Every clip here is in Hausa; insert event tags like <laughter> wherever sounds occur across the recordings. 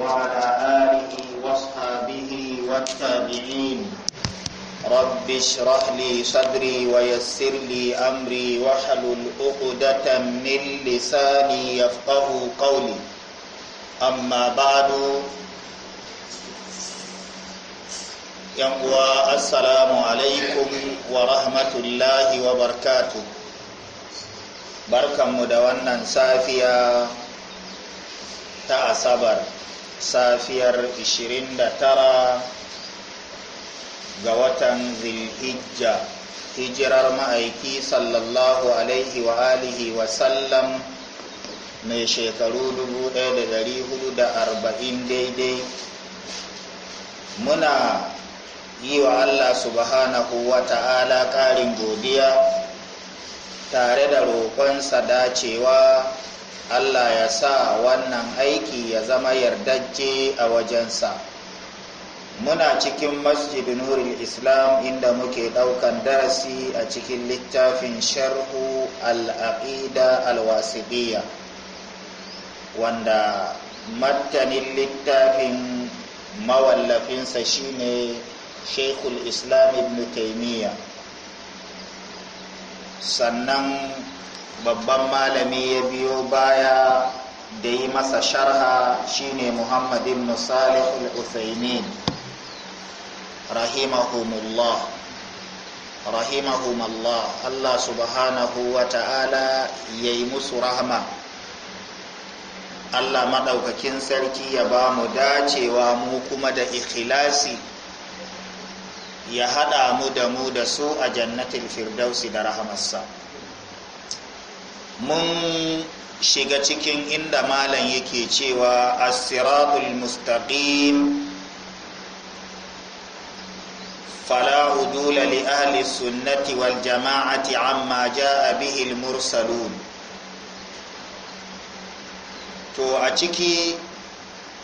وعلى آله واصحابه والتابعين رب اشرح لي صدري ويسر لي أمري واحلل عقدة من لساني يفقه قولي أما بعد uwa assalamu alaikum wa rahmatullahi wa barkatu barkanmu da wannan safiya ta asabar safiyar 29 ga watan zilhijja hijirar ma'aiki sallallahu alaihi wa alihi wa sallam mai shekaru 1440 daidai muna yi wa Allah subhanahu wa ta'ala ƙarin godiya tare da roƙonsa dacewa Allah ya sa wannan aiki ya zama yardajje a wajensa muna cikin masjidin nurul islam inda muke ɗaukan darasi a cikin littafin sharhu al alwasiɗiyya wanda martanin littafin mawallafinsa shine shekul islam ibn taimiyya sannan babban malami ya biyo baya da yi masa sharha shine muhammad ibn salih al-uthaymin rahimahumullah rahimahumallah allah subhanahu wa ta'ala ya yi musu rahma allah maɗaukakin sarki ya ba mu dacewa mu kuma da ikhlasi ya haɗa mu da mu da su a jannatin firdausi da rahamarsa mun shiga cikin inda malam yake cewa a asiratul mustaqim fala udula li ahli sunnati wal jama'ati amma ja'a bihi al mursalun to a ciki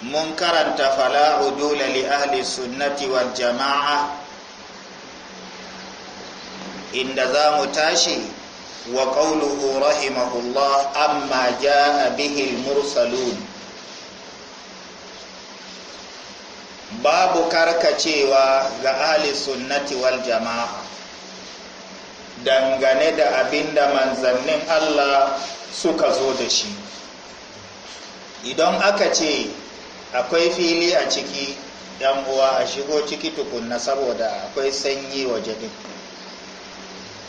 mun karanta fala udula li ahli sunnati wal inda za mu tashi وقوله رحمه الله أما جاء به المرسلون babu karkacewa ga ahli sunnati wal jama'a dangane da abin da manzannin Allah suka zo da shi idan aka ce akwai fili a ciki yan uwa a shigo ciki tukunna saboda akwai sanyi waje din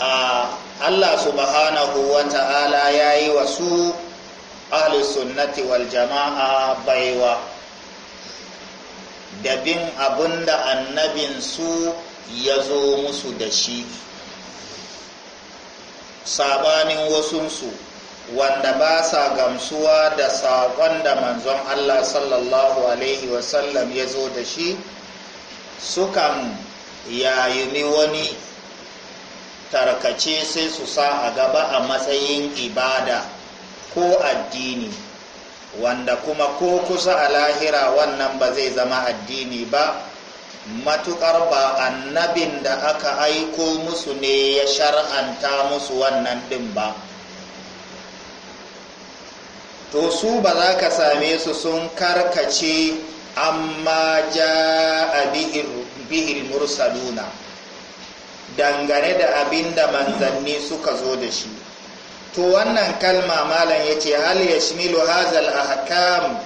a Allah subhanahu wa ta'ala ya yi wa su sunnati wal jama'a baiwa da bin abin da su ya zo musu da shi saɓanin wasunsu wanda ba sa gamsuwa da saƙon da manzon Allah sallallahu Alaihi wasallam ya zo da shi sukan yayi ni wani tarkace sai su sa a gaba a matsayin ibada ko addini wanda kuma ko kusa a lahira wannan ba zai zama addini ba matukar ba annabin da aka aiko musu ne ya shar'anta musu wannan din ba to su ba za ka same su sun karkace amma ja a bihir mursaluna dangane da abin da manzanni suka zo da shi to wannan kalma malam ya ce hal ya shimilu hazal ahkam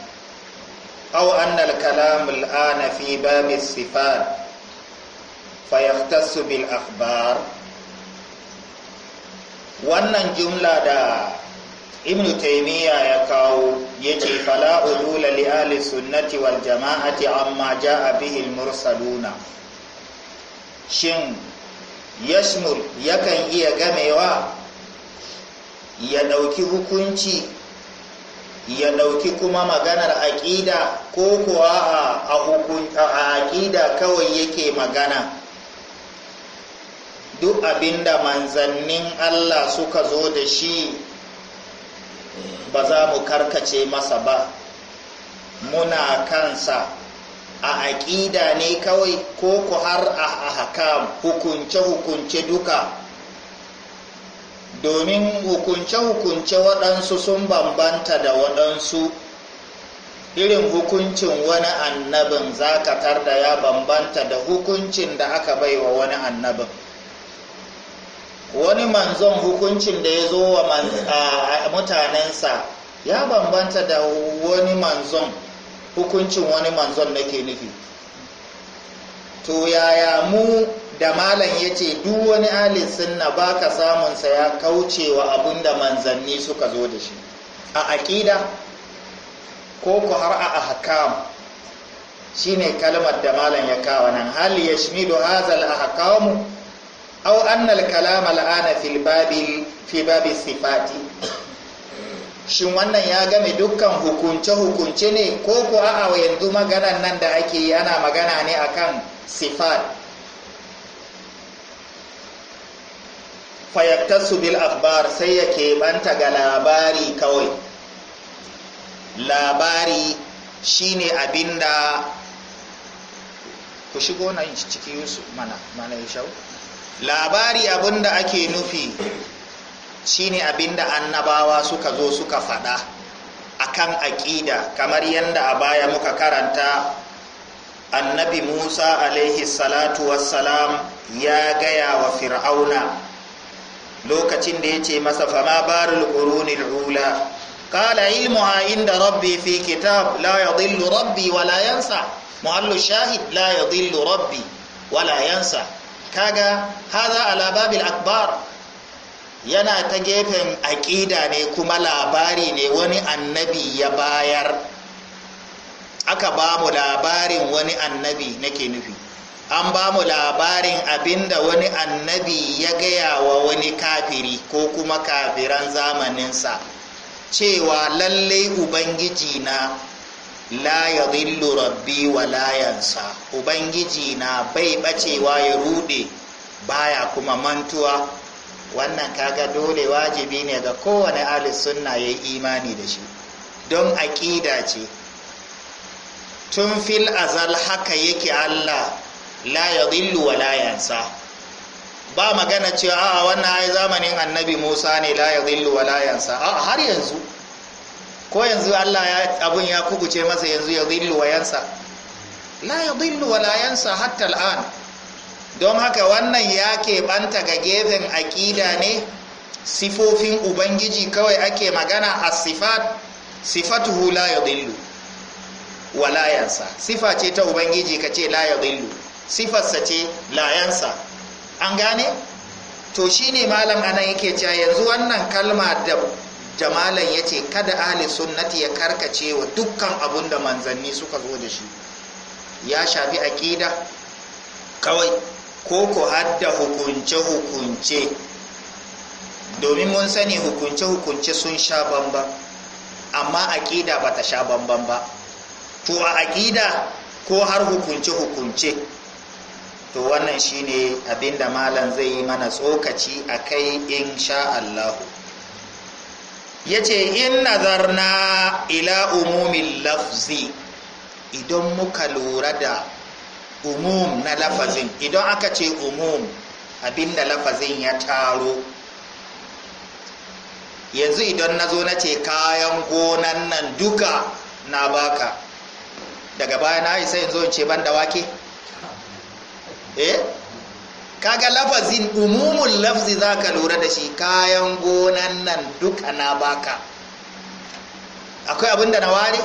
au annal kalam al'ana fi babi sifat fa yahtassu bil akhbar wannan jumla da ibnu taimiyya ya kawo yace fala ulula li ahli sunnati wal jama'ati amma ja'a bihi al mursaluna shin yashmul yakan iya gamewa ya dauki hukunci ya dauki kuma maganar aƙida ko kuwa a aƙida kawai yake magana duk abinda manzannin Allah suka zo da shi ba za mu karkace masa ba muna kansa a aƙida ne kawai ko ku har a hakam hukunce-hukunce duka domin hukunce-hukunce waɗansu sun bambanta da waɗansu irin hukuncin wani annabin za zakatar da ya bambanta da hukuncin da aka baiwa wani annabin wani manzon hukuncin da ya zo wa mutanensa ya bambanta da wani manzon hukuncin wani manzon nake nufi to yaya mu da malam ya ce duk wani alin sunna ba ka samunsa ya kaucewa abin da manzanni suka zo da shi a aƙida ko ku har a ahkam shine kalmar da malam ya kawo nan hal ya hazal ahkamu au annal al kalam al ana babi fi babi sifati shin wannan ya game dukkan hukunce-hukunce ne ko ko a yanzu maganan nan da ake yi ana magana ne akan sifat fayaktasu bil akhbar sai ya keɓanta ga labari kawai labari shine abinda ku shigo ciki yusuf mana mana ya labari abinda ake nufi shine abinda annabawa suka zo suka faɗa akan aƙida kamar yadda a baya muka karanta annabi musa alaihi salatu wassalam ya gaya wa fir'auna lokacin da ya ce masa fama barul qurunil ula qala ilmuha inda rabbi fi kitab la yadhillu rabbi wa la yansa muallu shahid la yadhillu rabbi wa la yansa kaga hadha ala babil akbar yana ta gefen aƙida ne kuma labari ne wani annabi ya bayar aka ba mu labarin wani annabi nake nufi an ba mu labarin abinda wani annabi ya gaya wa wani kafiri ko kuma kafiran zamaninsa cewa lallai ubangiji na la ya zillu rabbi wa layansa ubangiji na bai bacewa ya rude baya kuma mantuwa wannan kaga dole wajibi ne ga kowane alis sunna ya yi imani da shi don aƙida ce tun fil azal haka yake Allah la ya wa la ba magana cewa a'a wannan ai zamanin annabi Musa ne la ya wa la a har yanzu ko yanzu Allah ya abun ya kubuce masa yanzu ya zillu wa yansa la ya zillu wa la hatta al'an don haka wannan ya keɓanta ga gefen aƙida ne sifofin ubangiji kawai ake magana a sifat sifatuhu la yadillu wa layansa sifa ce ta ubangiji ka ce la yadillu sifarsa ce layansa an gane to shine malam anan yake cewa yanzu wannan kalma da jamalan ya ce kada ahli sunnati ya karkace wa dukkan abun da manzanni suka zo da shi ya shafi aƙida kawai ko ku hadda hukunce-hukunce domin mun sani hukunce-hukunce sun sha bamba amma aƙida ba ta sha bamban ba to a aƙida ko har hukunce-hukunce to wannan shine da malam zai yi mana tsokaci a kai in sha Allahu ya ce in nazarna ila umumin lafzi idan muka lura da umum na lafazin idan aka ce umum abinda lafazin ya taro yanzu idan na zo na ce kayan gonan nan duka na baka daga baya na isa yanzu in ce ban da wake eh kaga lafazin umumun lafzi za ka lura da shi kayan gonan nan duka na baka akwai abinda na ware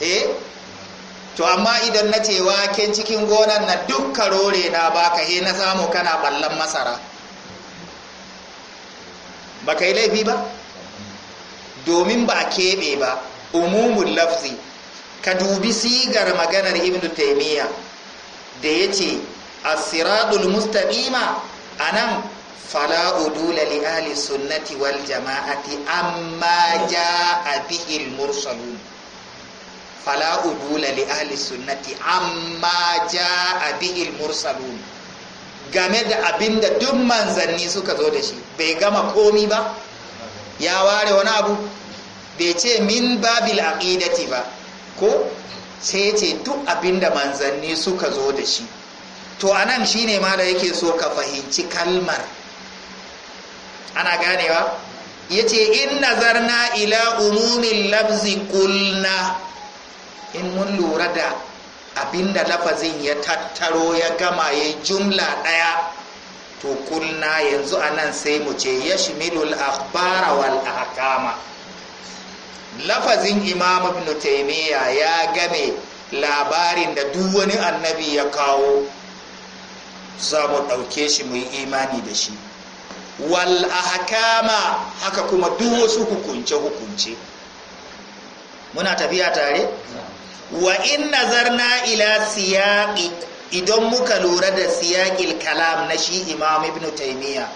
eh to amma idan na ce waken cikin gonan na duk karore na baka he na samu kana ballan masara ba ka yi laifi ba domin ba a keɓe ba umumun lafzi ka dubi sigar maganar Ibn taimiyya da ya ce asiradul mustaɗima a nan fala'udula li ahli sunnati wal jama'ati amma ja a bihil mursalun fala Bula, li ahli sunnati amma a bihil mursalun game da abinda duk manzanni suka zo da shi bai gama komi ba ya ware wani abu bai ce min babil aqidati ba ko sai ce duk abinda manzanni suka zo da shi to anan shine ma da yake so ka fahimci kalmar ana ganewa yace in nazarna ila umumin labzi kulna in mun lura da abinda lafazin ya tattaro ya gama ya jumla ɗaya to kulna yanzu anan sai mu ce ya shimilul al'afara wal ahkama lafazin imam ibn taimiyya ya game labarin da duk wani annabi ya kawo za mu ɗauke shi mu yi imani da shi wal ahkama haka kuma duk wasu hukunce hukunce muna tafiya tare wa in nazarna ila siyaƙi idan muka lura da siyaƙi kalam na shi imam ibn taymiya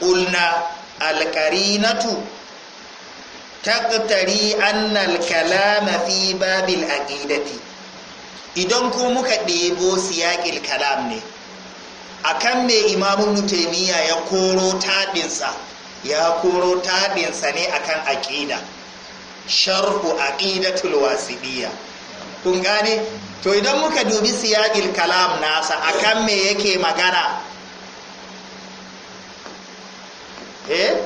qulna alqarinatu taqtari anna alkalam fi babil aqidati idan ko muka ɗebo siyaqil kalam ne akan me imam ibn taymiya ya koro taɗinsa ya koro taɗinsa ne akan aqida sharhu aqidatul wasidiyya kun gane to idan muka dubi siyaƙil kalam nasa akan me yake magana eh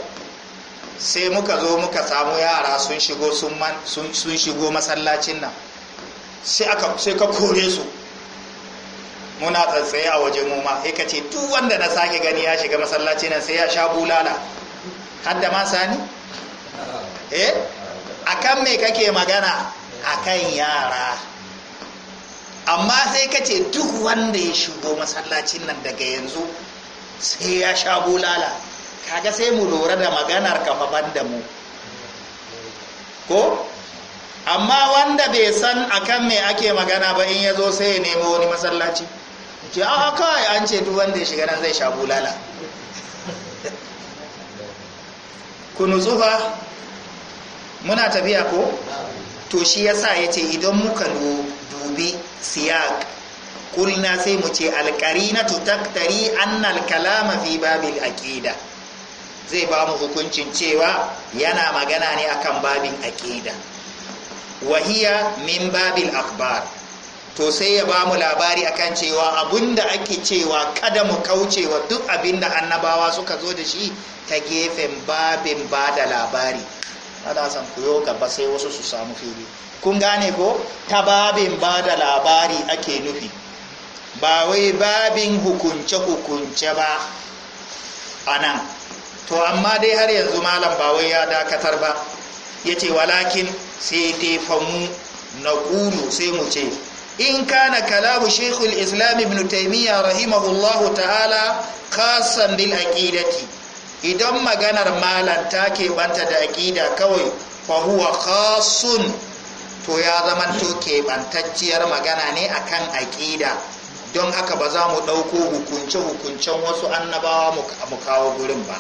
sai muka zo muka samu yara sun shigo sun shigo masallacin nan sai aka sai ka kore su muna tsatsaye a waje mu ma sai ka ce duk wanda na sake gani ya shiga masallacin nan sai ya sha bulala hadda ma sani eh akan me kake magana akan yara amma sai ka ce duk wanda ya shigo masallacin nan daga yanzu sai ya sha bulala kaga sai mu lura da maganar kafa da mu ko amma wanda bai san akan me ake magana ba in ya zo sai ya nemo wani masallaci ce a kawai an ce duk wanda ya shiga nan zai sha bulala ku nutsufa muna tafiya ko to shi ya ce idan muka dubi siyak kulina sai mu ce alqarinatu taqtari anna alkalama fi babil aqida zai ba mu hukuncin cewa yana magana ne akan babin aqida wahiya min babil akhbar to sai ya ba mu labari akan cewa abinda ake cewa kada mu kaucewa duk abinda annabawa suka zo da shi ta gefen babin ba da labari ana son ku yo gaba sai wasu su samu fili kun gane ko ta babin ba da labari ake nufi ba wai babin hukunce-hukunce ba a nan to amma dai har yanzu malam ba wai ya dakatar ba ya ce walakin sai tefamu na ƙulu sai mu ce in kana kalamu shekul islam ibn taimiyya rahimahullahu ta'ala kasan bil aqidati idan maganar malam ta keɓanta da aƙida kawai fahuwa khasun to ya zama zamanto keɓantacciyar magana ne akan aƙida don haka ba za mu ɗauko hukunce-hukuncen wasu annabawa mu kawo gurin ba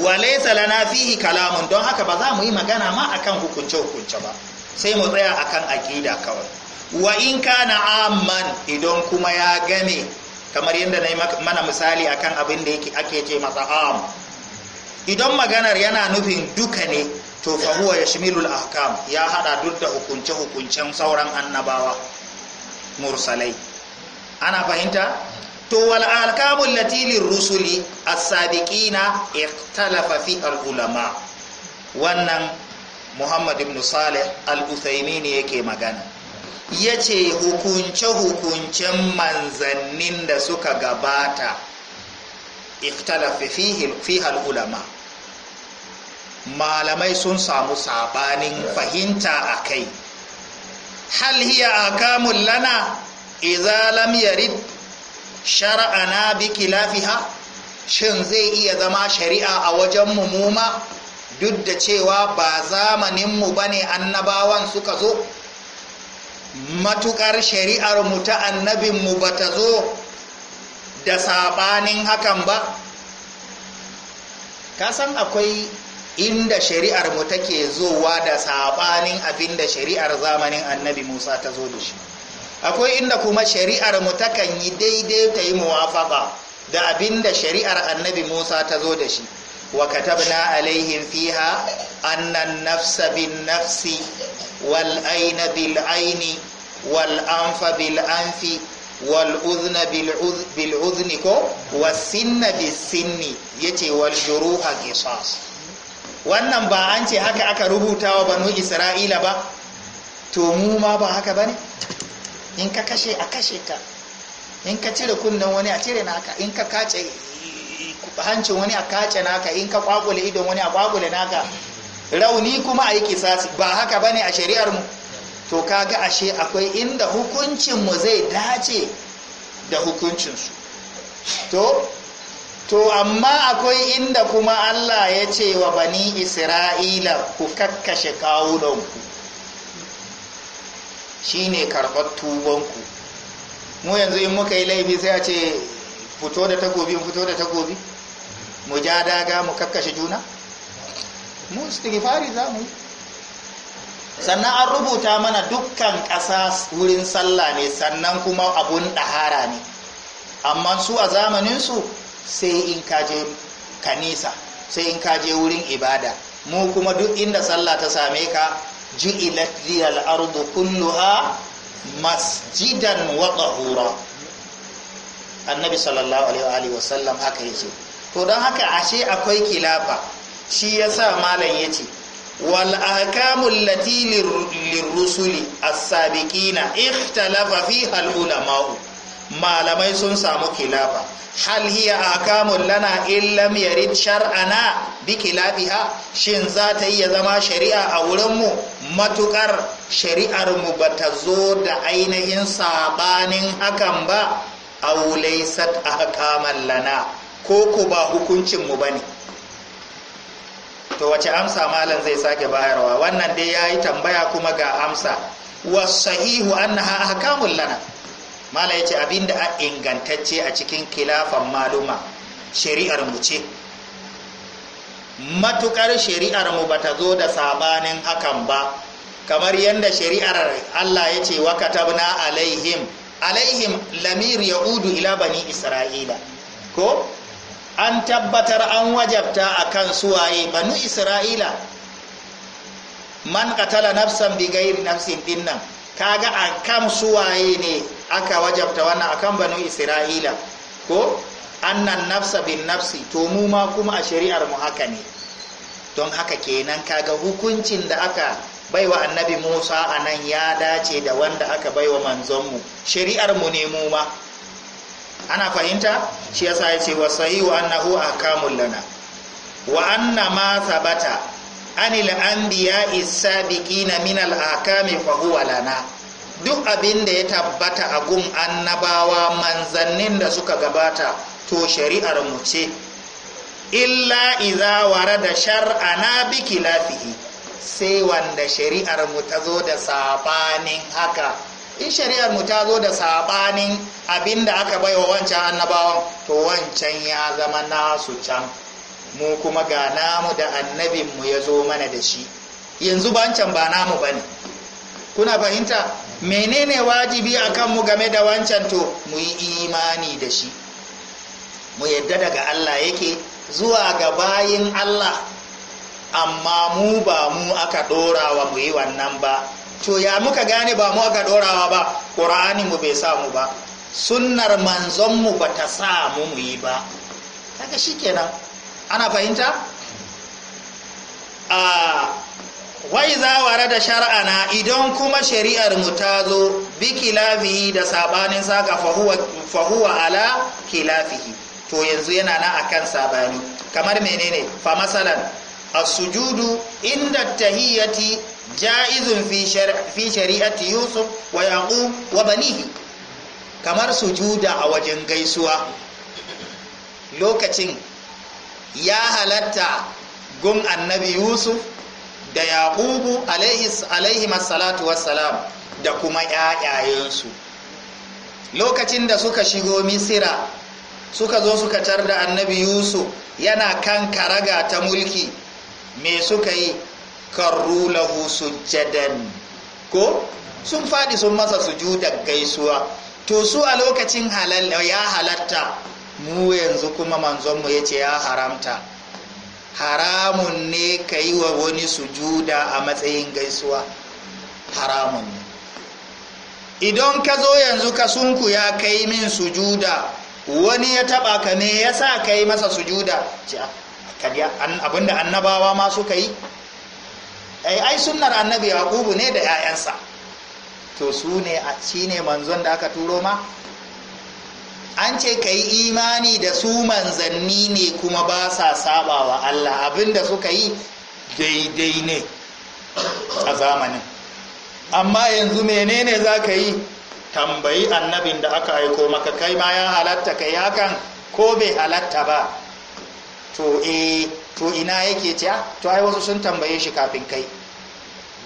wale lana fihi kalamun don haka ba za mu yi magana ma akan hukunce-hukunce ba sai mu tsaya akan aƙida kawai wa in kana amman idan kuma ya game kamar yadda na yi mana misali akan abin da ake ce masa am idan maganar yana nufin duka ne to fahuwa ya shimilul ahkam ya hada duk da hukunce-hukuncen sauran annabawa mursalai ana fahimta to wal alkamun latilin rusuli as-sabiqina ikhtalafa fi al-ulama wannan muhammad ibn salih al-uthaymeen yake magana ya ce hukunce-hukuncen manzannin da suka gabata ikhtalafi fi ulama malamai sun samu sabanin fahimta a kai hal hiya akamun lana idza lam yarid na biki lafiya, shin zai iya zama shari'a a wajen mumuma duk da cewa ba zamaninmu ba ne annabawan suka zo matukar shari'ar mu ta annabinmu mu ta zo da sabanin hakan ba kasan akwai inda shari'ar mu take zowa da sabanin abin da shari'ar zamanin annabi Musa ta zo da shi akwai inda kuma shari'ar mu takan yi daidai ta yi muwafaka da abin da shari'ar annabi Musa ta zo da shi wa katabna alaihim fiha annan nafsa bin nafsi wal aina bil aini wal anfa bil anfi wal ko sinna wannan ba an ce haka aka rubuta wa banu isra'ila ba to mu ma ba haka bane in ka kashe a kashe ka in ka cire kunnen wani a cire na haka in ka kace hancin wani a kace naka in ka kwakule idon wani a kwakule naka rauni kuma a yi kisasi ba haka ba ne a shari'ar mu to kaga ashe akwai inda hukuncin zai dace da hukuncinsu to to amma akwai inda kuma Allah ya ce wa bani isra'ila ku kakkashe kawunanku shine ne karɓar tubanku mu yanzu in muka yi laifi sai a ce fito da takobi fito da takobi mu ja daga mu kakkashe juna mu istighfari za mu yi sannan an rubuta mana dukkan ƙasa wurin sallah ne sannan kuma abun ɗahara ne amma su a zamaninsu sai in kaje kanisa sai in kaje wurin ibada mu kuma duk inda sallah ta same ka ju'ilat liyal ardu kulluha masjidan wa tahura annabi sallallahu alaihi wa sallam haka yake to don haka ashe akwai kilafa shi yasa malam yace wal ahkamul lati lirrusuli a Sabikina, ikhtalafa fiha al ulama'u malamai sun samu kilafa hal hiya ahkamun lana in yarid shar'ana bi kilafiha shin za ta iya zama shari'a a wurin mu matukar shari'ar mu bata zo da ainihin sabanin hakan ba aw laysat ahkaman lana ko ku ba hukuncinmu ba ne to wace amsa malam zai sake bayarwa wannan dai ya yi tambaya kuma ga amsa wasahihu annaha ahkamul lana malam ya ce abinda a ingantacce a cikin kilafan maluma shari'ar mu ce matukar shari'ar mu bata zo da sabanin hakan ba kamar yadda shari'ar Allah ya ce wa katabna alaihim alaihim lamir yaudu ila bani isra'ila ko an tabbatar an wajabta a kan suwaye banu isra'ila man katala nafsan bi gairi nafsin nan, kaga a kan suwaye ne aka wajabta wannan a kan banu isra'ila ko annan nafsa bin nafsi to mu ma kuma a shari'ar mu haka ne don haka kenan kaga hukuncin da aka baiwa annabi musa a nan ya dace da wanda aka baiwa manzonmu shari'ar mu ne mu ma ana fahimta shi yasa ya ce wa annahu ahkamul lana wa anna ma thabata anil anbiya'i sabiqina min al ahkami fa huwa lana duk abin da ya tabbata a gun annabawa manzannin da suka gabata to shari'ar mu ce illa idza warada shar'ana bi khilafihi sai wanda shari'ar mu ta zo da sabanin haka in shari'ar mu ta zo da sabanin abinda aka baiwa wancan annabawan to wancan ya zama nasu can mu kuma ga namu da annabin mu ya zo mana da shi yanzu bancan ba namu ba ne. kuna fahimta menene wajibi a kanmu game da wancan to mu yi imani da shi mu yadda daga Allah yake zuwa ga bayin Allah amma mu ba mu aka ɗora wa mu yi wannan ba to ya muka gane ba mu aka dorawa ba Ƙur'ani mu bai samu ba sunnar manzon mu ba ta samu mu yi ba kaga shikenan ana fahimta a wai za ware da shar'ana idan kuma shari'ar mu ta zo bi kilafihi da sabanin saka fahuwa ala kilafihi to yanzu yana na akan sabani kamar menene fa masalan as-sujudu inda tahiyyati ja'izun fi shari'ati yusuf wa yaqub wa banihi kamar sujuda a wajen gaisuwa lokacin ya halatta gun annabi yusuf da Yakubu alaihi masalatu wassalam da kuma ƴaƴayensu lokacin da suka shigo misira suka zo suka tar da annabi yusuf yana kan karaga ta mulki me suka yi karru lahu sujjadan ko sun faɗi sun masa sujudan gaisuwa to su a lokacin halal ya halatta mu yanzu kuma manzonmu ya ce ya haramta haramun ne ka yi wa wani sujuda a matsayin gaisuwa haramun idan ka zo yanzu ka sunku ya kai min sujuda wani ya taba ka ne yasa sa ka yi masa sujuda abinda annabawa ma suka yi ai eh, ai sunnar annabi yaqubu ne da 'ya'yansa to su ne shine manzon da aka turo ma an ce ka yi imani da su manzanni ne kuma ba sa saba wa Allah abinda suka yi daidai ne a zamanin amma yanzu menene za ka yi tambayi annabin da aka aiko maka kai ma ya halatta ka yi hakan ko bai halatta ba to e, to ina yake ce to ai wasu sun tambaye shi kafin kai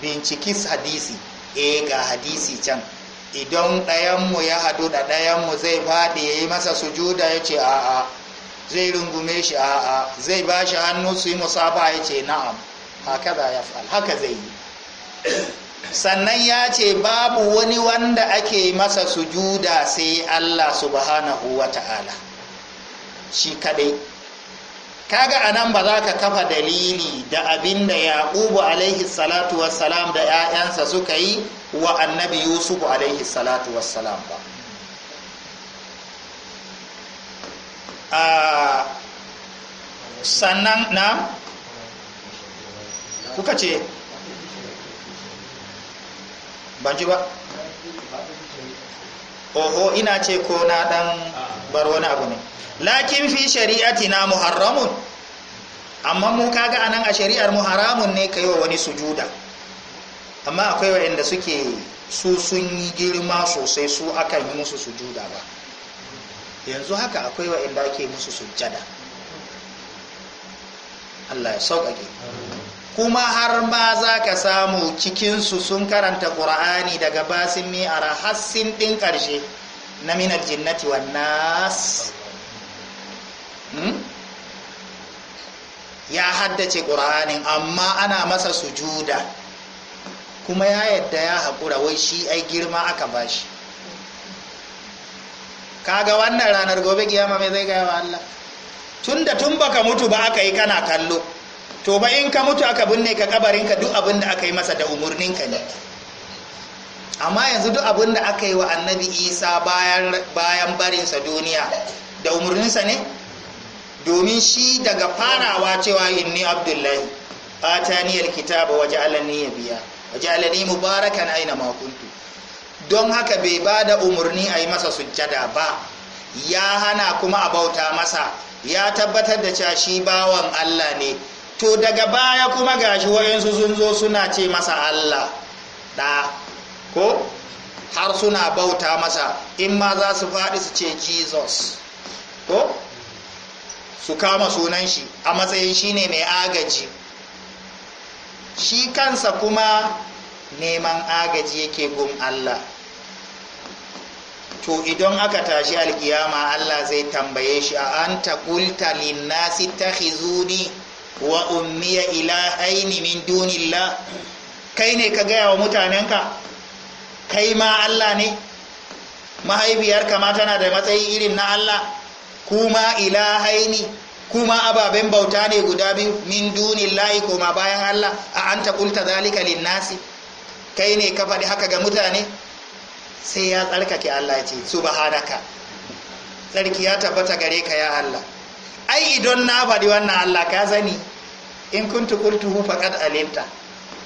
binciki hadisi E, ga hadisi can idan ɗayan mu ya haɗu da mu zai faɗi ya yi masa sujuda ya ce a'a zai rungume shi a'a zai ba shi hannu su yi musafa ya ce na'am haka za ya fal haka zai yi sannan ya ce babu wani wanda ake masa sujuda sai allah subhanahu wa ta'ala shi kadai kaga anan ba za ka kafa dalili da abin da yaqubu alaihi salatu wassalam da 'ya'yansa suka yi wa annabi yusuf alaihi salatu wassalam ba sannan na kuka ce ba ji ba oho ina ce ko na dan bar wani abu ne lakin fi shari'ati na muharramun amma mu kaga anan a shari'ar mu haramun ne kai wa wani sujuda amma akwai wanda suke su sun yi girma sosai su aka yi musu sujuda ba yanzu haka akwai inda ake musu sujjada Allah ya sauƙaƙe kuma har ma za ka samu cikinsu sun karanta ƙura'ani daga basin mi'ara hassin ɗin ƙarshe na minar jinnati wa nas hmm? ya haddace ƙura'anin amma ana masa sujuda kuma ya yadda ya haƙura wai shi ai girma aka bashi kaga wannan ranar gobe giyama mai zai gaya wa Allah tun da tun baka mutu ba aka yi kana kallo to ba in ka mutu aka binne ka kabarinka duk abin da aka yi masa da umarninka ne amma yanzu duk abin da aka yi wa annabi isa bayan barinsa duniya da umarninsa ne domin shi daga farawa cewa inni abdullahi ataniyar kitaba waje alani ya biya waje alani mubarakan aina makuntu don haka bai ba da umarni a yi masa sujjada ba ya hana kuma a bauta masa ya tabbatar da cewa shi bawan allah ne to daga baya kuma gashi wayansu sun zo suna ce masa Allah da ko har suna bauta masa in ma za su faɗi su ce Jesus ko su kama sunan shi a matsayin shi ne mai agaji shi kansa kuma neman agaji yake gun Allah to idan aka tashi alkiyama Allah zai tambaye shi a an taƙulta linnasi ta wa ummiya ilahaini min dunillah kai ne ka gaya wa mutanenka kai ma Allah ne mahaifiyarka ma tana da matsayi irin na Allah kuma ilahaini kuma ababen bauta ne guda biyu min dunillahi kuma bayan Allah a ta qulta zalika linnasi kai ne ka faɗi haka ga mutane sai ya tsarkake Allah ya ce subhanaka tsarki ya tabbata gare ka ya Allah ai idan na faɗi wannan Allah ka sani in kuntu qultuhu faqad alimta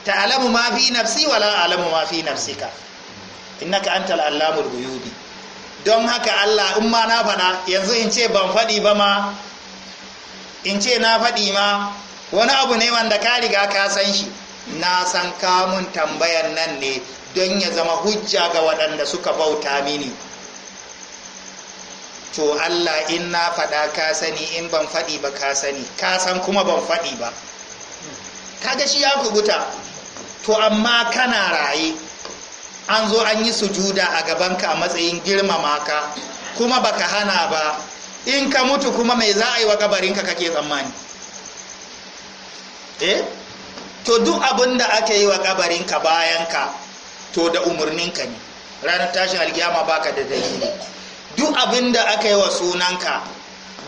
ta'lamu ma fi nafsi wala a'lamu ma fi nafsika innaka antal allamul ghuyubi don haka Allah in ma na faɗa yanzu in ce ban faɗi ba ma in ce na faɗi ma wani abu ne wanda ka riga ka san shi na san kamun tambayan nan ne don ya zama hujja ga waɗanda suka bauta mini to Allah in na faɗa ka sani in ban faɗi ba ka sani ka san kuma ban faɗi ba kaga shi ya kubuta to amma kana raye an zo an yi sujuda a gabanka a matsayin girmama ka kuma baka hana ba in ka mutu kuma mai za a yi wa gabarinka kake tsammani eh to duk abin da aka yi wa kabarinka bayanka to da umarninka ne ranar tashin alkiyama baka da dalili duk abin da aka yi wa sunanka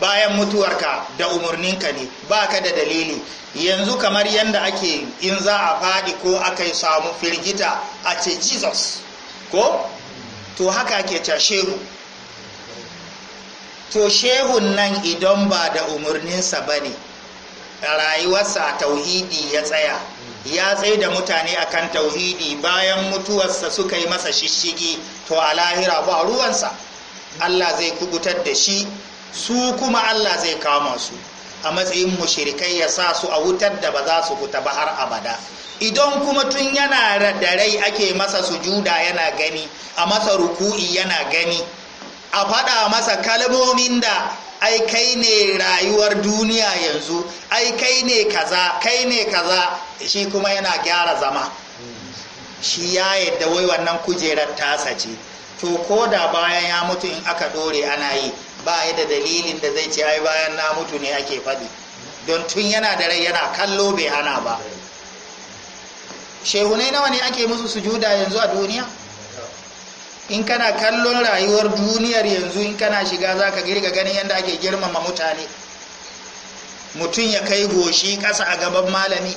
bayan mutuwarka da umarninka ne ba ka da dalili yanzu kamar yadda ake in za a faɗi ko aka yi samu firgita a ce jesus ko to haka ke ta shehu to shehun nan idan ba da umarninsa ba ne rayuwarsa tauhidi ya tsaya ya tsaye da mutane akan tauhidi bayan mutuwarsa suka yi masa shishigi to a lahira ba ruwansa Allah zai kubutar da shi su kuma Allah zai kama su a matsayin mushrikai ya sa su a wutar da ba za su fita ba har abada idan kuma tun yana da rai ake masa sujuda yana gani a masa ruku'i yana gani a faɗa masa kalmomin da ai kai ne rayuwar duniya yanzu ai kai ne kaza kai ne kaza shi kuma yana gyara zama shi ya yadda wai wannan kujerar tasa ce to ko da bayan ya mutu in aka dore ana yi ba ya da dalilin da zai ce ai bayan na mutu ne ake faɗi don tun yana da rai yana kallo bai ana ba shehunai nawa ne ake musu sujuda yanzu a duniya in kana kallon rayuwar duniyar yanzu in kana shiga za ka girga ganin yadda ake girmama mutane mutum ya kai goshi kasa a gaban malami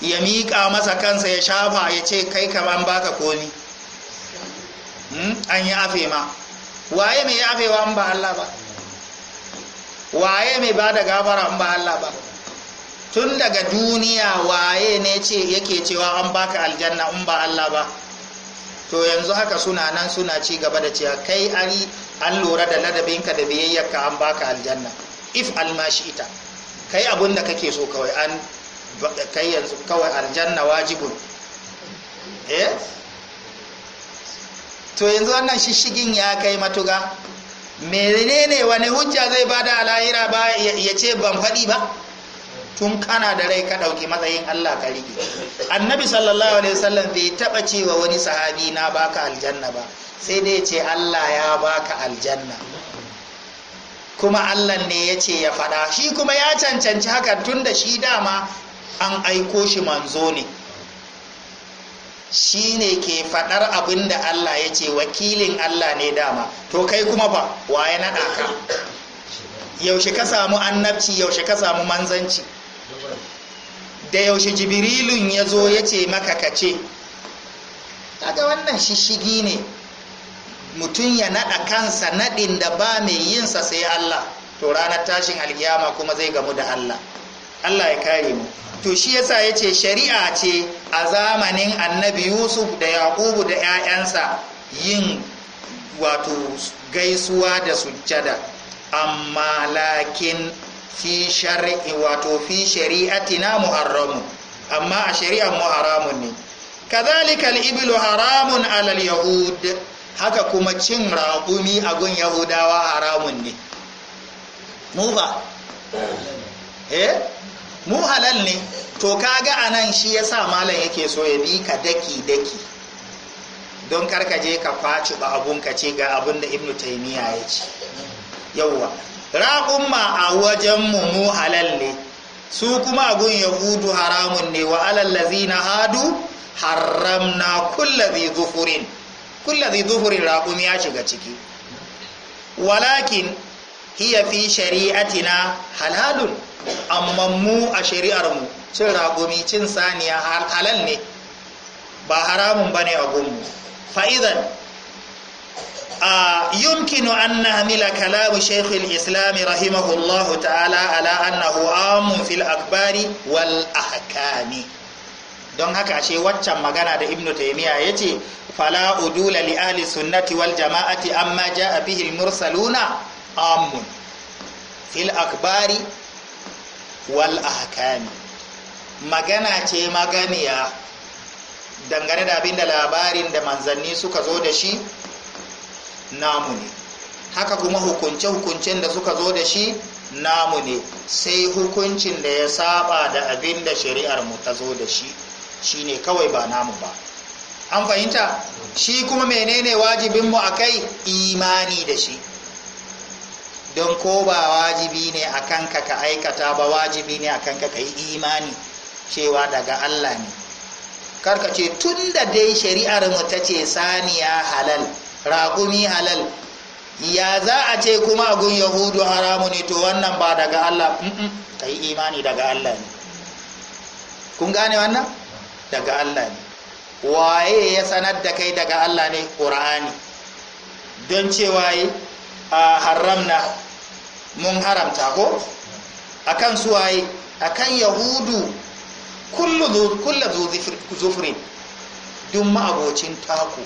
ya miƙa masa kansa ya shafa ya ce kai kaman baka komi Hmm? an yi afe ma waye mai afewa in ba Allah ba waye mai ba da gafara in ba Allah ba tun daga duniya waye ne ce yake cewa an baka aljanna in ba Allah ba to yanzu haka suna nan suna ci gaba da cewa kai ari an lura da ladabinka da biyayyarka an baka aljanna if almashi ita kai abun da kake so kawai an kai yanzu kawai aljanna wajibun eh to yanzu wannan shishigin ya kai matuga menene wani hujja zai bada alahira ba ya ce ban faɗi ba tun kana da rai ka ɗauki matsayin Allah ka riƙe annabi sallallahu alaihi wasallam bai taɓa cewa wani sahabi na baka aljanna ba sai dai ce Allah ya baka aljanna kuma Allah ne ya ce ya faɗa shi kuma ya cancanci haka tun da shi dama an aiko shi manzo ne shi ne ke faɗar abin da Allah ya ce wakilin Allah ne dama to kai kuma ba waye naɗa ka yaushe ka samu annabci yaushe ka samu manzanci da yaushe jibirilun ya zo ya ce maka ka ce kaga wannan shishigi ne mutum ya naɗa kansa naɗin da ba mai yinsa sai Allah to ranar tashin alkiyama kuma zai gamu da Allah Allah ya kare mu to shi yasa yace shari'a ce a zamanin annabi yusuf da yaqubu da 'ya'yansa yin wato gaisuwa da sujjada amma lakin fi shari'i wato fi shari'atina muharramu amma a shari'ar mu haramun ne kadhalika al-iblu haramun alal yahud haka kuma cin raƙumi a gun yahudawa haramun ne mu ba eh mu halal ne to kaga a nan shi ya sa malam yake so ya bi ka daki-daki don karkaje ka kwaci ba abun ka ce ga abun da ibnu taimiya ya ce yauwa Ra'umma a wajen mu mu halal ne su kuma gun yahudu haramun ne wa alallazi na hadu haramna kullazi kulla kullazi zufurin raƙumi ya shiga ciki walakin hiya fi shari'atina halalun amma mu a shari'ar mu cin raƙumi cin saniya halal ne ba haramun ne a gunmu fa'idan a yumkinu an na hamila kalamu shekul islami rahimahullahu ta'ala ala annahu amun fil akbari wal ahkami don haka ashe waccan magana da ibnu taymiya yace fala udula li ahli sunnati wal jama'ati amma ja bihi al mursaluna amun fil akbari wal ahkami magana ce maganiya dangane da abinda labarin da manzanni suka zo da shi namu haka kuma hukunce-hukuncen da suka zo da shi namu ne sai hukuncin da ya saba da abin da shari'ar mu ta zo da shi shine kawai ba namu ba an fahimta shi kuma menene wajibinmu a kai imani da shi don ko ba wajibi ne a kanka ka aikata ba wajibi ne a kanka ka yi imani cewa daga Allah ne karka ce tun da dai shari'ar mu ta ce saniya halal raƙumi halal ya za a ce kuma a gun yahudu haramu ne to wannan ba daga Allah ka yi imani daga Allah ne kun gane wannan daga Allah ne waye ya sanar da kai daga Allah ne ƙura'ani don cewa waye. A haramna mun haramta ko A kan suwaye a kan yahudu kullu zufrin duk ma'abocin taku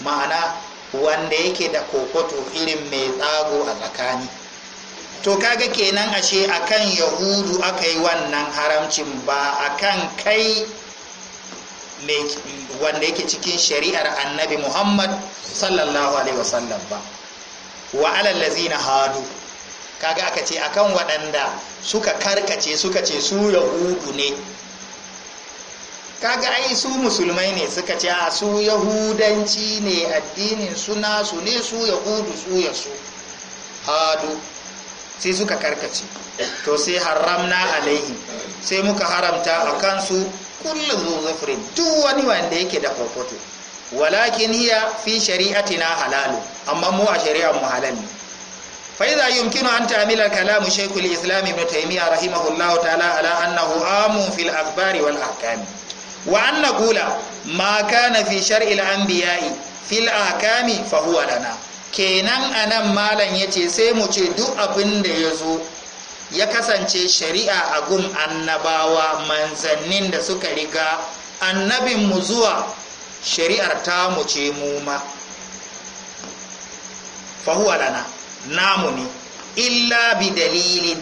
ma'ana wanda yake da kokoto irin mai tsago a tsakani to kaga kenan ashe a kan yahudu aka yi wannan haramcin ba a kan kai wanda yake cikin shari'ar annabi muhammad sallallahu alaihi wasallam ba wa alal ladzina hadu kaga aka ce akan waɗanda suka karkace suka ce su yahudu ne kaga ai su musulmai ne suka ce a ah, su yahudanci ne addinin suna su ne su yahudu su ya su hadu sai suka karkace to sai haramna alaihi sai muka haramta a kansu kullum zuzufrin duk wani wanda yake da fokoto walakin hiya fi shari'atina halalu amma mu a shari'ar mu halal ne fa idza yumkinu an ta'mila kalamu shaykh al-islam ibn taymiyyah rahimahullahu ta'ala ala annahu amun fil akhbari wal ahkam wa an naqula ma fi shar'il anbiya'i fil ahkami fa huwa lana kenan anan malan yace sai mu ce duk abin da yazo ya kasance shari'a a gun annabawa manzannin da suka riga annabinmu zuwa shari'ar ta mu ce mu ma fahuwa lana namu ne illa bi dalilin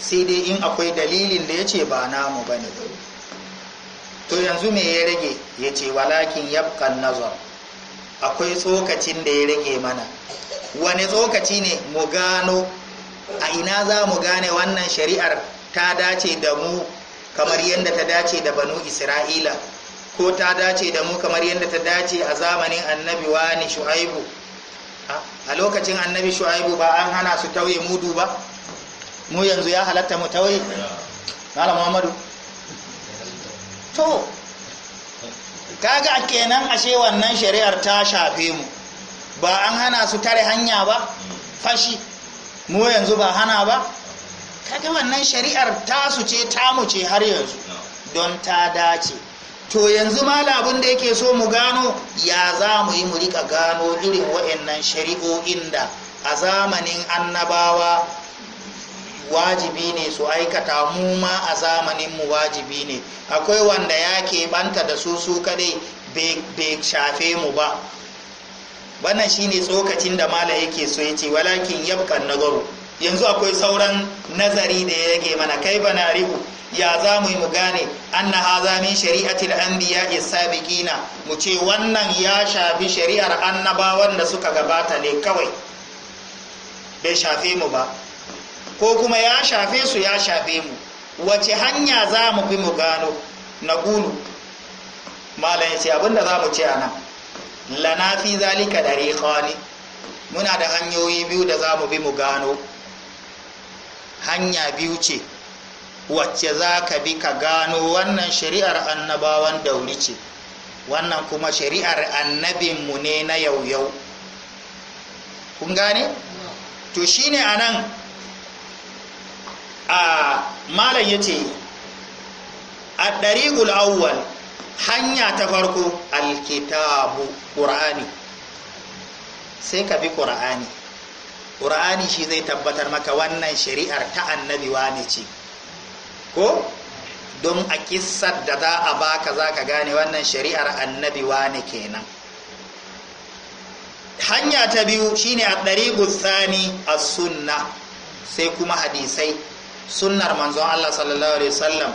sai dai in akwai dalilin da ya ce ba namu ba ne to yanzu me ya rage ya ce walakin yabkan nazar akwai tsokacin da ya rage mana wani tsokaci ne mu gano a ina za mu gane wannan shari'ar ta dace da mu kamar yadda ta dace da banu isra'ila ko ta dace da mu kamar yadda ta dace a zamanin annabi wani shu'aibu a lokacin annabi shu'aibu ba an hana su tauye mudu ba mu yanzu ya halatta mu tauye malam muhammadu to kaga kenan ashe wannan shari'ar ta shafe mu ba an hana su tare hanya ba fashi mu yanzu ba hana ba kaga wannan shari'ar tasu ce tamu ce har yanzu don ta dace to yanzu mala da yake so mu gano ya za mu yi mu rika gano irin wa'annan shari'o'in da a zamanin annabawa wajibi ne su aikata mu ma a zamaninmu wajibi ne akwai wanda ya keɓanta da su su kadai bai shafe mu ba wannan shine tsokacin da mala yake so ya ce walakin yabkan nazaru yanzu akwai sauran nazari da ya rage mana kai ba na rihu ya za mu yi mu gane na haza min shari'atil anbiya sabiqina mu ce wannan ya shafi shari'ar annabawan da suka gabata ne kawai bai shafe mu ba ko kuma ya shafe su ya shafe mu wace hanya za mu bi mu gano na gulu malam ce abinda za mu ce a nan lana fi zalika kawani. muna da hanyoyi biyu da za mu bi mu gano hanya biyu ce wacce za ka bi ka gano wannan shari'ar annabawan dauri ce wannan kuma shari'ar annabinmu ne na yau-yau kun gane? to shine a nan a malam ya ce a ɗari awwal hanya ta farko alkitabu ƙura'ani sai ka bi ƙura'ani ƙura'ani shi zai tabbatar maka wannan shari'ar ta annabiwa ne ce ko don a kisar da za a baka za ka gane wannan shari'ar annabi wane kenan hanya ta biyu shine a ɗari tsani a sunna sai kuma hadisai sunnar manzon Allah sallallahu alaihi wasallam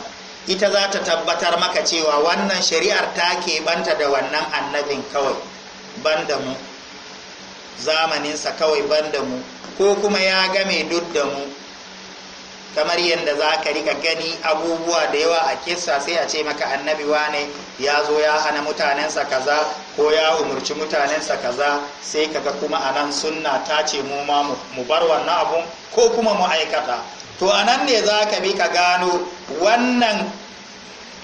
ita za ta tabbatar maka cewa wannan shari'ar ta ke keɓanta da wannan annabin kawai banda mu zamaninsa kawai banda mu ko kuma ya game duk da mu kamar yadda za ka rika gani abubuwa da yawa a kissa sai a ce maka annabi wane ya zo ya hana mutanensa kaza ko ya umurci mutanensa kaza sai kaga kuma a nan sunna ta ce mu ma mu bar wannan abun ko kuma mu aikata to a nan ne za ka bi ka gano wannan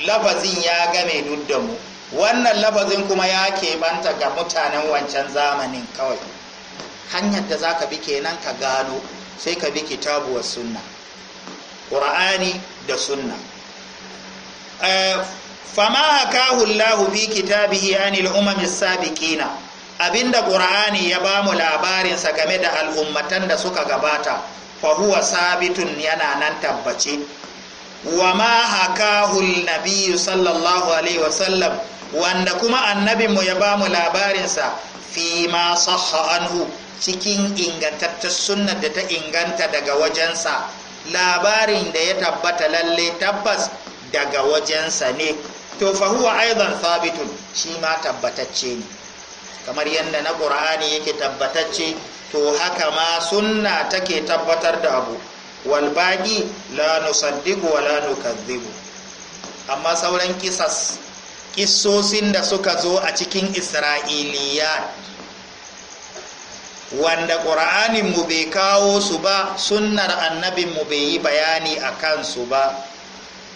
lafazin ya game duk da mu wannan lafazin kuma ya keɓanta ga mutanen wancan zamanin kawai hanyar da za ka bi kenan ka gano sai ka bi kitabuwar sunna Qur'ani da sunna eh, fama hakahu Allahu bi kitabihi anil umami sabiqina abinda Qur'ani ya bamu sa game da al'ummatan da suka gabata fa huwa sabitun yana nan tabbace wa ma hakahu nabiyyu sallallahu alaihi sallam wanda kuma annabinmu ya bamu sa, fi ma sahha anhu cikin ingantattar sunnar da ta inganta daga wajensa labarin da ya tabbata lalle tabbas daga wajensa ne to fa huwa aidan shi ma tabbatacce ne kamar yadda na qur'ani yake tabbatacce to haka ma sunna take tabbatar da abu wal baqi la wa la nukazzibu amma sauran kisas kisosin da suka zo a cikin isra'iliyat wanda ƙura'aninmu bai kawo su ba sunnar annabinmu bai yi bayani a kansu ba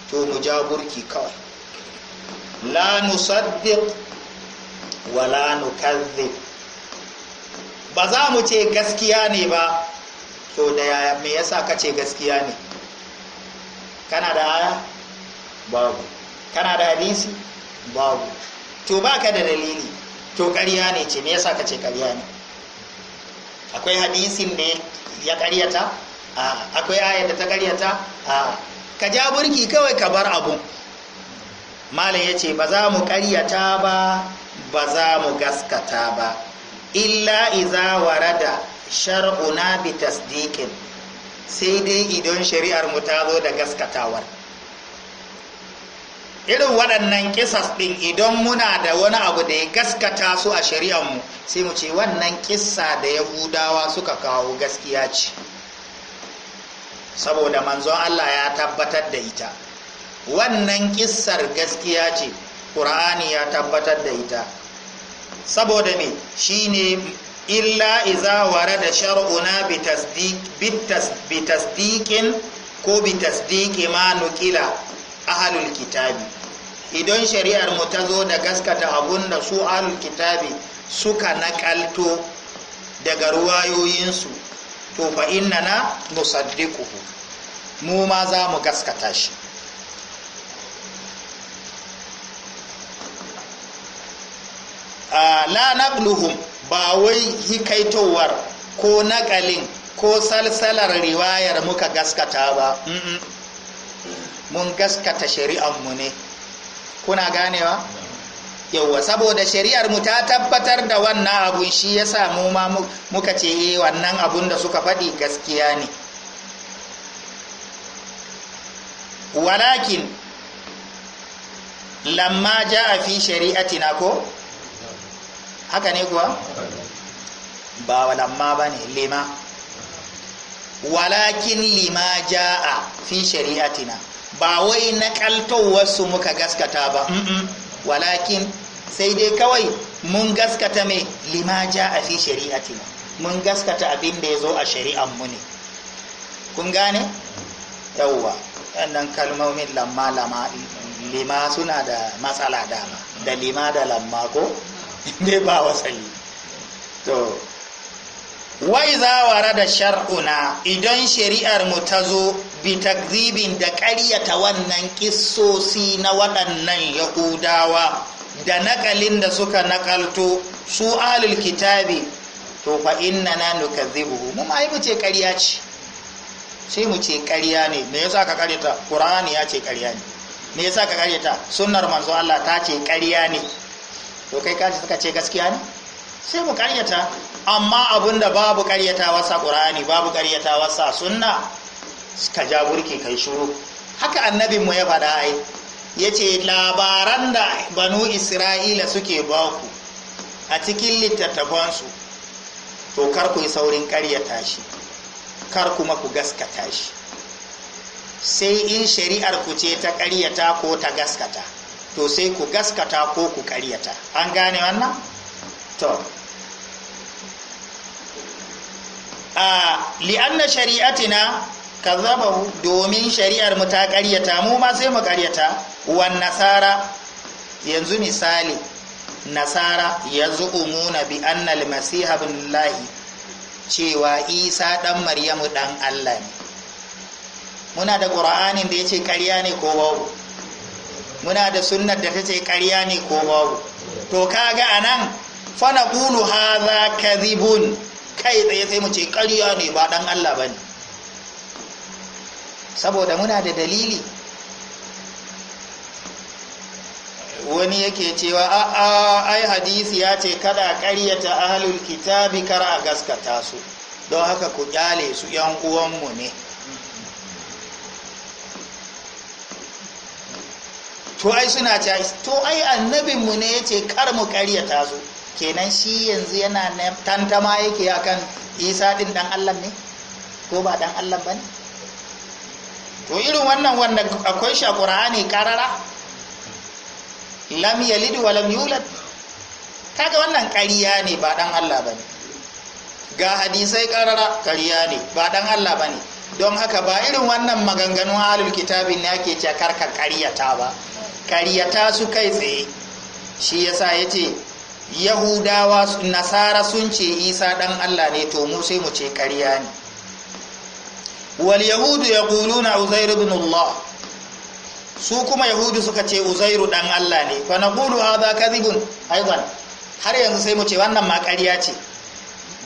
to mu ja burki kawai la nusaddiq wa la nukazzib ba za mu ce gaskiya ne ba to da yaya me yasa ka ce gaskiya ne kana da aya babu kana da hadisi babu to baka da dalili to ƙarya ne ce me yasa ka ce ƙarya ne akwai hadisin ne ya karyata akwai ayar da ta karyata ka ja burki kawai ka bar abu malam ya ce ba za mu karyata ba ba za mu gaskata ba illa iza da shar'una bi dikin sai dai idan shari'ar mu ta zo da gaskatawar irin waɗannan kisas ɗin idan muna da wani abu da ya gaskata su a shari'anmu sai mu ce wannan kissa da yahudawa suka kawo gaskiya ce saboda manzon Allah ya tabbatar da ita wannan kissar gaskiya ce ƙur'ani ya tabbatar da ita saboda me ne illa iza da shar'una bitasdikin ko bi ma nukila. ahalul kitabi idan shari'ar mu ta zo da gaskata abun da su ahalul kitabi suka nakalto daga ruwayoyinsu to fa inna na nusaddiquhu mu ma za mu gaskata shi la nabluhum ba wai hikaitowar ko nakalin, ko salsalar riwayar muka gaskata ba mun gaskata shari'anmu ne kuna ganewa yauwa saboda shari'ar mu ta tabbatar da wannan abun shi ya samu ma muka ce eh wannan abun da suka faɗi gaskiya ne walakin lamma a fi shari'atina ko haka ne kuwa ba lamma ba ne lima walakin lima a fi shari'atina ba wai na kaltowarsu muka gaskata ba walakin sai dai kawai mun gaskata mai lima ja a fi shari'ati mun gaskata abin da ya zo a shari'an mu ne kun gane yawwa wannan kalmomin lamma lama lima suna da matsala dama da lima da lamma ko ne <laughs> ba wasali to wai za wara da shar'una idan shari'ar mu ta zo bitakzibin da karyata wannan ƙissosi na waɗannan yahudawa da nakalin da suka nakalto su alul kitabi to fa inna na nukazzibuhu mu ma mu ce karya ce sai mu ce karya ne me yasa ka karyata? qur'ani ya ce karya ne me yasa ka karyata? sunnar manzo Allah ta ce karya ne to kai ka suka ce gaskiya ne sai mu karyata. amma abinda babu karyatawa sa qur'ani babu karyatawa sa sunna Suka ja burki kai shuru haka annabin mu ya faɗa ai yace labaran da banu isra'ila suke baku a cikin littattafansu to kar ku yi saurin karyata shi kar kuma ku gaskata shi sai in shari'ar ku ce ta karyata ko ta gaskata to sai ku gaskata ko ku karyata. an gane wannan to a ah, li'anna shari'atina kazzabahu domin shari'ar mu ta ƙaryata mu ma sai mu ƙaryata wan nasara yanzu misali nasara yaz'umuna bi anna al-masiha ibn cewa isa dan maryamu dan allah ne muna da qur'anin da yace ƙarya ne ko babu muna da sunnar da tace ƙarya ne ko babu to kaga anan fa naqulu hadha kadhibun kai tsaye sai mu ce ƙarya ne ba dan allah bane saboda muna da dalili wani yake cewa a a ai hadisi ya ce kada ƙaryata ahlul kitabi kar a gaskata su don haka ku kyale su yan uwanmu ne to ai suna ce to ai annabinmu ne ya ce kar mu ƙaryata su kenan shi yanzu yana tantama yake akan isa ɗin ɗan allah ne ko ba ɗan allah ba ne to irin wannan wanda akwai shi a ƙura'ani ƙarara lam yalid wa lam yulad kaga wannan ƙariya ne ba dan Allah bane ga hadisai ƙarara ƙariya ne ba dan Allah bane don haka ba irin wannan maganganun halin kitabin ne ake cewa karka ƙaryata ba ƙaryata su kai tsaye shi yasa yace yahudawa nasara sun ce isa dan Allah ne to mu sai mu ce ƙarya ne wal yahudu yaquluna uzair ibn su kuma yahudu suka ce uzairu dan Allah ne fa naqulu hadha kadhibun aidan har yanzu sai mu ce wannan ma ƙarya ce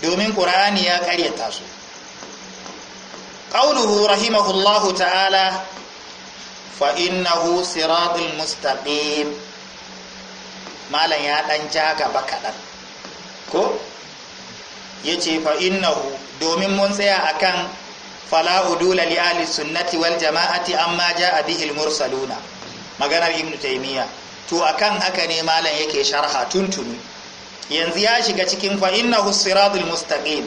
domin qur'ani ya ƙaryata su qauluhu rahimahullahu ta'ala fa innahu siratul mustaqim malam ya dan ja gaba kaɗan ko yace fa innahu domin mun tsaya akan fala udula li ahli sunnati wal jama'ati amma ja a bihil mursaluna maganar ibnu taymiya to akan haka ne malam yake sharha tun tuntuni yanzu ya shiga cikin fa innahu siratul mustaqim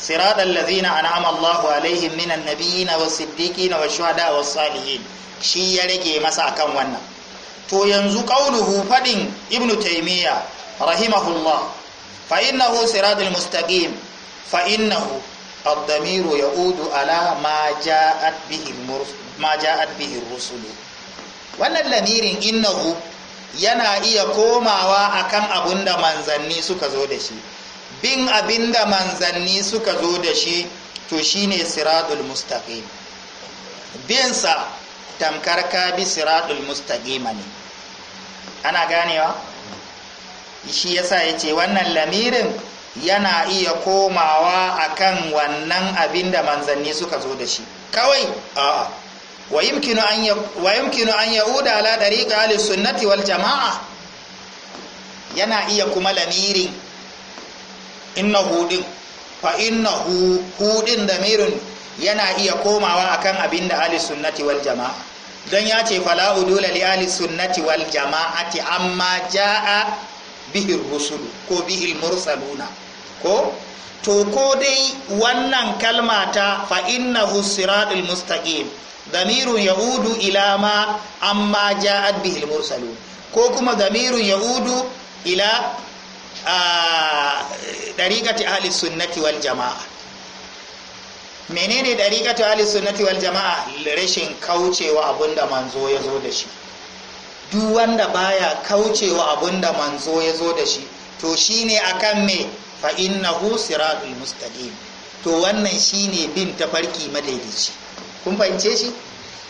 siratal ladzina an'ama Allahu alaihim minan nabiyina was siddiqina wash shuhada was salihin shi ya rage masa akan wannan to yanzu qauluhu faɗin ibnu taymiya rahimahullah fa innahu siratul mustaqim fa الضمير يعود على ما جاءت به ما جاءت به الرسل wannan lamirin innahu yana iya komawa akan abin da manzanni suka zo da shi bin abin da manzanni suka zo da shi to shine siratul mustaqim binsa tamkar ka bi siratul mustaqima ne ana ganewa shi yasa yace wannan lamirin yana iya komawa akan wannan abin da manzanni suka zo da shi kawai a'a wa yumkinu an ya wa ala tariqa al-sunnati wal jamaa yana iya kuma lamirin Inna hudun fa innahu hudin damirin yana iya komawa akan abin da ahli sunnati wal jamaa dan ya ce fala udula li ahli sunnati wal jamaati amma jaa bihir rusulu ko bihil mursaluna ko to ko dai wannan kalma ta fa innahu siratul mustaqim damiru yaudu ila ma amma ja'at bihil mursalun ko kuma damiru yaudu ila dariqati ahli sunnati wal jama'a menene dariqati ahli sunnati wal jama'a rashin kaucewa abinda manzo ya zo da shi duk wanda baya kaucewa abun da manzo ya zo da shi to shine akan me fa innahu siratul mustaqim to wannan shine bin tafarki madaidaici kun fahimce shi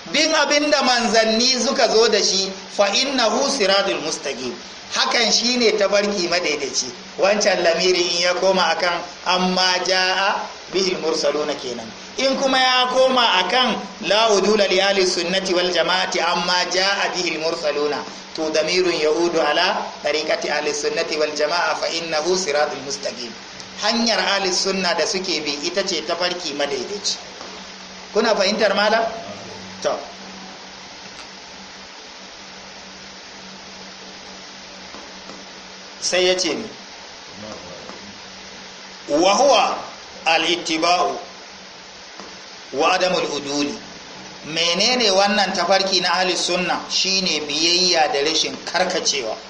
bin abin da manzanni suka zo da shi fa'innahu innahu siratul mustaqim hakan shine tabarki madaidaici wancan lamirin in ya koma akan amma jaa bihil mursaluna kenan in kuma ya koma akan la udula li ahli sunnati wal jama'ati amma jaa bihil mursaluna to damirun yaudu ala tariqati ahli sunnati wal jama'a fa innahu siratul mustaqim hanyar ahli sunna da suke bi ita ce farki madaidaici kuna fahimtar malam sai ya ce wahuwa al'ittiba'u wa adamul uduli menene wannan tafarki na ahli sunna shine biyayya da rashin karkacewa